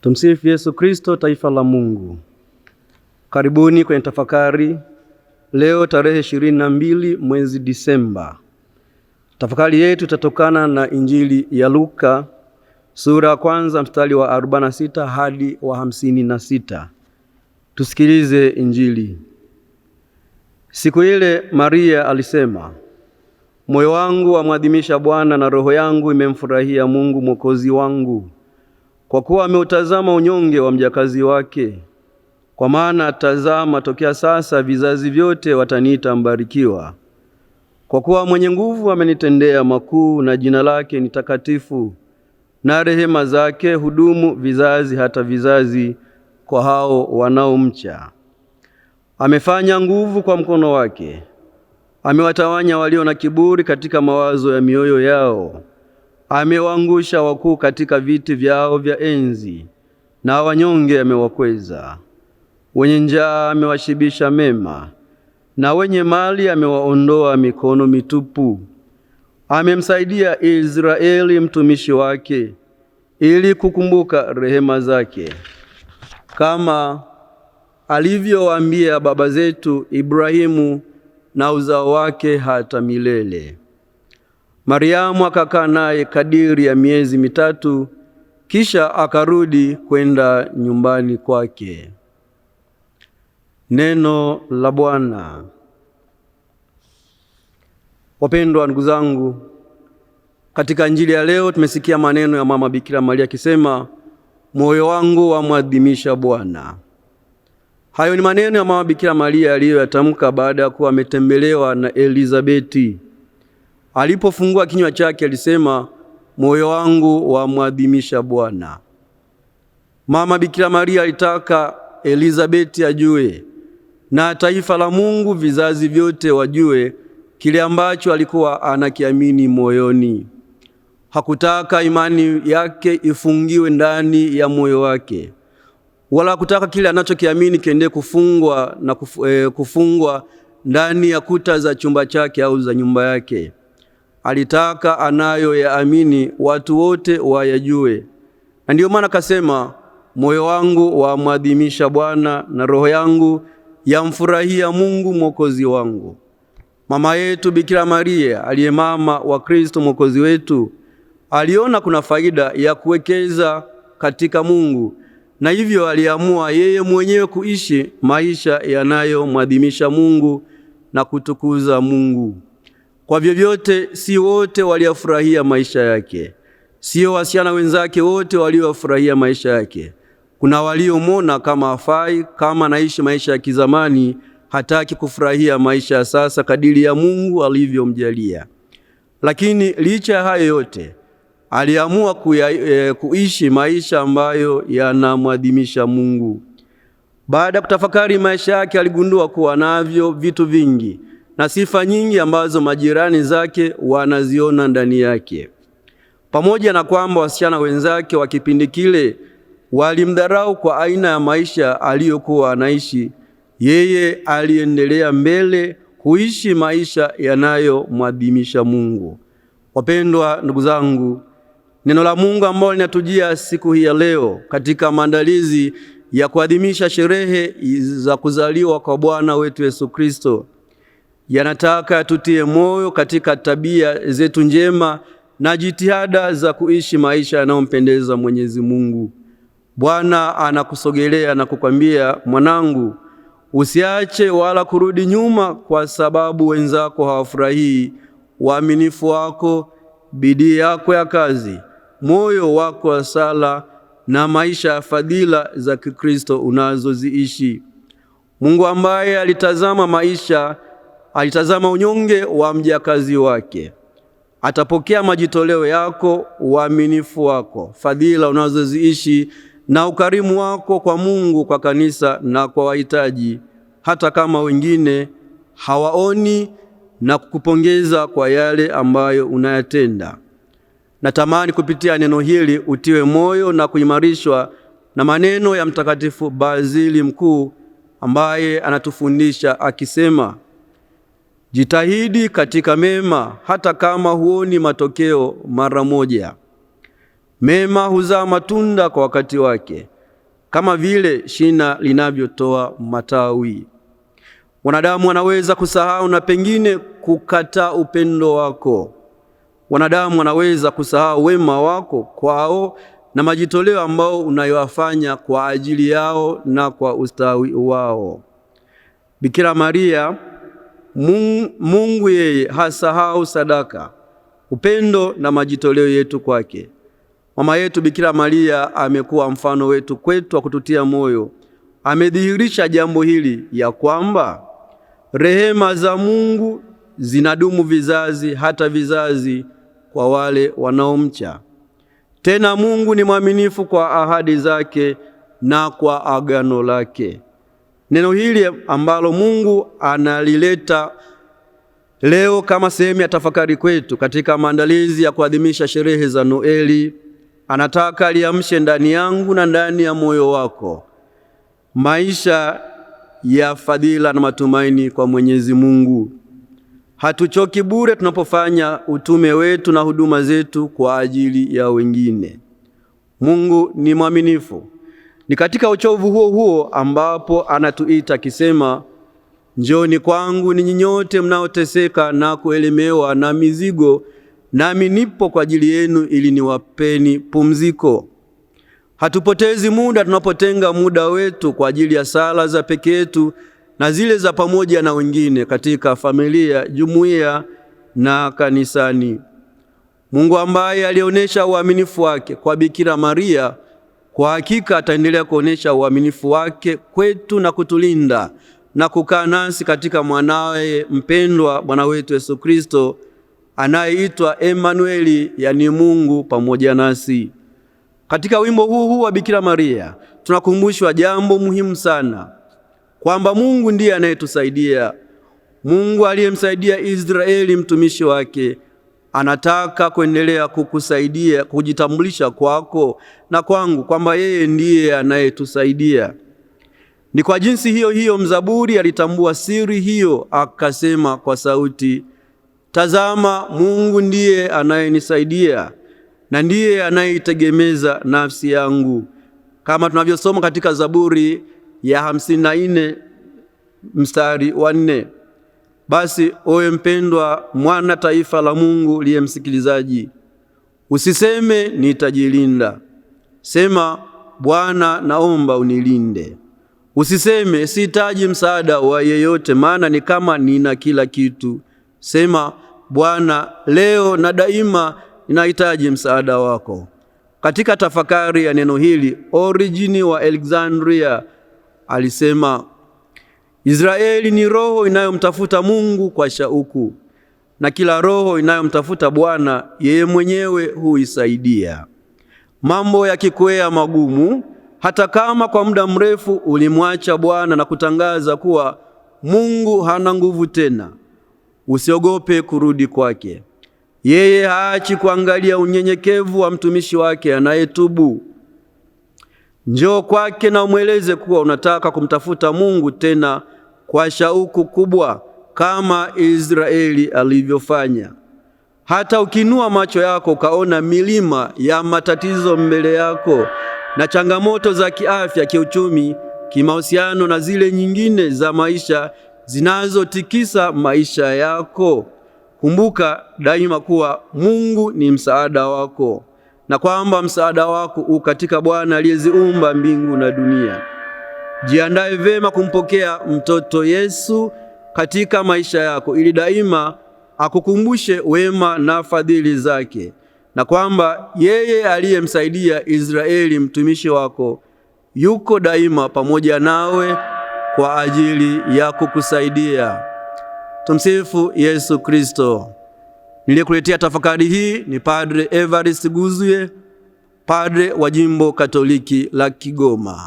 Tumsifu Yesu Kristo, taifa la Mungu. Karibuni kwenye tafakari leo tarehe ishirini mbili mwezi Disemba. Tafakari yetu itatokana na Injili ya Luka sura ya kwanza mstari wa 46 hadi wa 56. Tusikilize Injili. Siku ile Maria alisema, moyo wangu wamwadhimisha Bwana na roho yangu imemfurahia Mungu mwokozi wangu kwa kuwa ameutazama unyonge wa mjakazi wake. Kwa maana tazama, tokea sasa vizazi vyote wataniita mbarikiwa, kwa kuwa mwenye nguvu amenitendea makuu, na jina lake ni takatifu. Na rehema zake hudumu vizazi hata vizazi kwa hao wanaomcha. Amefanya nguvu kwa mkono wake, amewatawanya walio na kiburi katika mawazo ya mioyo yao. Amewaangusha wakuu katika viti vyao vya enzi, na wanyonge amewakweza. Wenye njaa amewashibisha mema, na wenye mali amewaondoa mikono mitupu. Amemsaidia Israeli mtumishi wake, ili kukumbuka rehema zake, kama alivyowaambia baba zetu Ibrahimu na uzao wake hata milele. Mariamu akakaa naye kadiri ya miezi mitatu, kisha akarudi kwenda nyumbani kwake. Neno la Bwana. Wapendwa ndugu zangu, katika Injili ya leo tumesikia maneno ya mama Bikira Maria akisema, moyo wangu wamwadhimisha Bwana. Hayo ni maneno ya mama Bikira Maria aliyoyatamka baada ya kuwa ametembelewa na Elizabeti Alipofungua kinywa chake alisema, moyo wangu wamwadhimisha Bwana. Mama Bikira Maria alitaka Elizabeti ajue na taifa la Mungu vizazi vyote wajue kile ambacho alikuwa anakiamini moyoni. Hakutaka imani yake ifungiwe ndani ya moyo wake, wala hakutaka kile anachokiamini kiende kufungwa na eh, kufungwa ndani ya kuta za chumba chake au za nyumba yake alitaka anayoyaamini watu wote wayajue, na ndiyo maana akasema, moyo wangu wamwadhimisha Bwana na roho yangu yamfurahia Mungu mwokozi wangu. Mama yetu Bikira Maria aliye mama wa Kristo mwokozi wetu aliona kuna faida ya kuwekeza katika Mungu na hivyo aliamua yeye mwenyewe kuishi maisha yanayomwadhimisha Mungu na kutukuza Mungu. Kwa vyovyote, si wote waliyafurahia maisha yake, sio wasichana wenzake wote waliofurahia maisha yake. Kuna waliomwona kama hafai, kama anaishi maisha ya kizamani, hataki kufurahia maisha ya sasa kadiri ya Mungu alivyomjalia. Lakini licha ya hayo yote aliamua kuya, e, kuishi maisha ambayo yanamwadhimisha Mungu. Baada ya kutafakari maisha yake, aligundua kuwa navyo vitu vingi na sifa nyingi ambazo majirani zake wanaziona ndani yake. Pamoja na kwamba wasichana wenzake wa kipindi kile walimdharau kwa aina ya maisha aliyokuwa anaishi, yeye aliendelea mbele kuishi maisha yanayomwadhimisha Mungu. Wapendwa ndugu zangu, neno la Mungu ambalo linatujia siku hii ya leo katika maandalizi ya kuadhimisha sherehe za kuzaliwa kwa Bwana wetu Yesu Kristo yanataka yatutie moyo katika tabia zetu njema na jitihada za kuishi maisha yanayompendeza Mwenyezi Mungu. Bwana anakusogelea na kukwambia, mwanangu, usiache wala kurudi nyuma, kwa sababu wenzako hawafurahii waaminifu wako, bidii yako ya kazi, moyo wako wa sala na maisha ya fadhila za Kikristo unazoziishi. Mungu ambaye alitazama maisha alitazama unyonge wa mjakazi wake, atapokea majitoleo yako, uaminifu wako, fadhila unazoziishi na ukarimu wako kwa Mungu, kwa kanisa na kwa wahitaji, hata kama wengine hawaoni, na kukupongeza kwa yale ambayo unayatenda. Natamani kupitia neno hili utiwe moyo na kuimarishwa na maneno ya Mtakatifu Bazili Mkuu ambaye anatufundisha akisema Jitahidi katika mema hata kama huoni matokeo mara moja. Mema huzaa matunda kwa wakati wake, kama vile shina linavyotoa matawi. Wanadamu wanaweza kusahau na pengine kukataa upendo wako. Wanadamu wanaweza kusahau wema wako kwao na majitoleo ambao unayowafanya kwa ajili yao na kwa ustawi wao. Bikira Maria Mungu yeye hasahau sadaka, upendo na majitoleo yetu kwake. Mama yetu Bikira Maria amekuwa mfano wetu kwetu wa kututia moyo. Amedhihirisha jambo hili ya kwamba rehema za Mungu zinadumu vizazi hata vizazi kwa wale wanaomcha. Tena Mungu ni mwaminifu kwa ahadi zake na kwa agano lake. Neno hili ambalo Mungu analileta leo kama sehemu ya tafakari kwetu katika maandalizi ya kuadhimisha sherehe za Noeli, anataka liamshe ndani yangu na ndani ya moyo wako maisha ya fadhila na matumaini kwa Mwenyezi Mungu. Hatuchoki bure tunapofanya utume wetu na huduma zetu kwa ajili ya wengine. Mungu ni mwaminifu ni katika uchovu huo huo ambapo anatuita akisema, njoni kwangu ninyi nyote mnaoteseka na kuelemewa na mizigo, nami nipo kwa ajili yenu ili niwapeni pumziko. Hatupotezi muda tunapotenga muda wetu kwa ajili ya sala za peke yetu na zile za pamoja na wengine katika familia, jumuiya na kanisani. Mungu ambaye alionyesha uaminifu wake kwa Bikira Maria kwa hakika ataendelea kuonyesha uaminifu wake kwetu na kutulinda na kukaa nasi katika mwanawe mpendwa Bwana wetu Yesu Kristo anayeitwa Emanueli, yani Mungu pamoja nasi. Katika wimbo huu huu wa Bikira Maria tunakumbushwa jambo muhimu sana kwamba Mungu ndiye anayetusaidia. Mungu aliyemsaidia Israeli mtumishi wake anataka kuendelea kukusaidia kujitambulisha kwako na kwangu kwamba yeye ndiye anayetusaidia. Ni kwa jinsi hiyo hiyo mzaburi alitambua siri hiyo, akasema kwa sauti, tazama, Mungu ndiye anayenisaidia na ndiye anayeitegemeza nafsi yangu, kama tunavyosoma katika Zaburi ya 54 mstari wa basi owe mpendwa mwana taifa la Mungu liye msikilizaji, usiseme nitajilinda, sema Bwana, naomba unilinde. Usiseme sihitaji msaada wa yeyote, maana ni kama nina kila kitu. Sema Bwana, leo na daima ninahitaji msaada wako. Katika tafakari ya neno hili, Origini wa Alexandria alisema Israeli ni roho inayomtafuta Mungu kwa shauku, na kila roho inayomtafuta Bwana yeye mwenyewe huisaidia. Mambo yakikwea magumu, hata kama kwa muda mrefu ulimwacha Bwana na kutangaza kuwa Mungu hana nguvu tena, usiogope kurudi kwake. Yeye haachi kuangalia unyenyekevu wa mtumishi wake anayetubu. Njoo kwake na umweleze kuwa unataka kumtafuta Mungu tena kwa shauku kubwa kama Israeli alivyofanya. Hata ukinua macho yako ukaona milima ya matatizo mbele yako na changamoto za kiafya, kiuchumi, kimahusiano na zile nyingine za maisha zinazotikisa maisha yako, kumbuka daima kuwa Mungu ni msaada wako na kwamba msaada wako u katika Bwana aliyeziumba mbingu na dunia. Jiandae vyema kumpokea mtoto Yesu katika maisha yako ili daima akukumbushe wema na fadhili zake na kwamba yeye aliyemsaidia Israeli mtumishi wako yuko daima pamoja nawe kwa ajili ya kukusaidia. Tumsifu Yesu Kristo. Niliyekuletea tafakari hii ni Padre Evarist Guzue, padre wa jimbo Katoliki la Kigoma.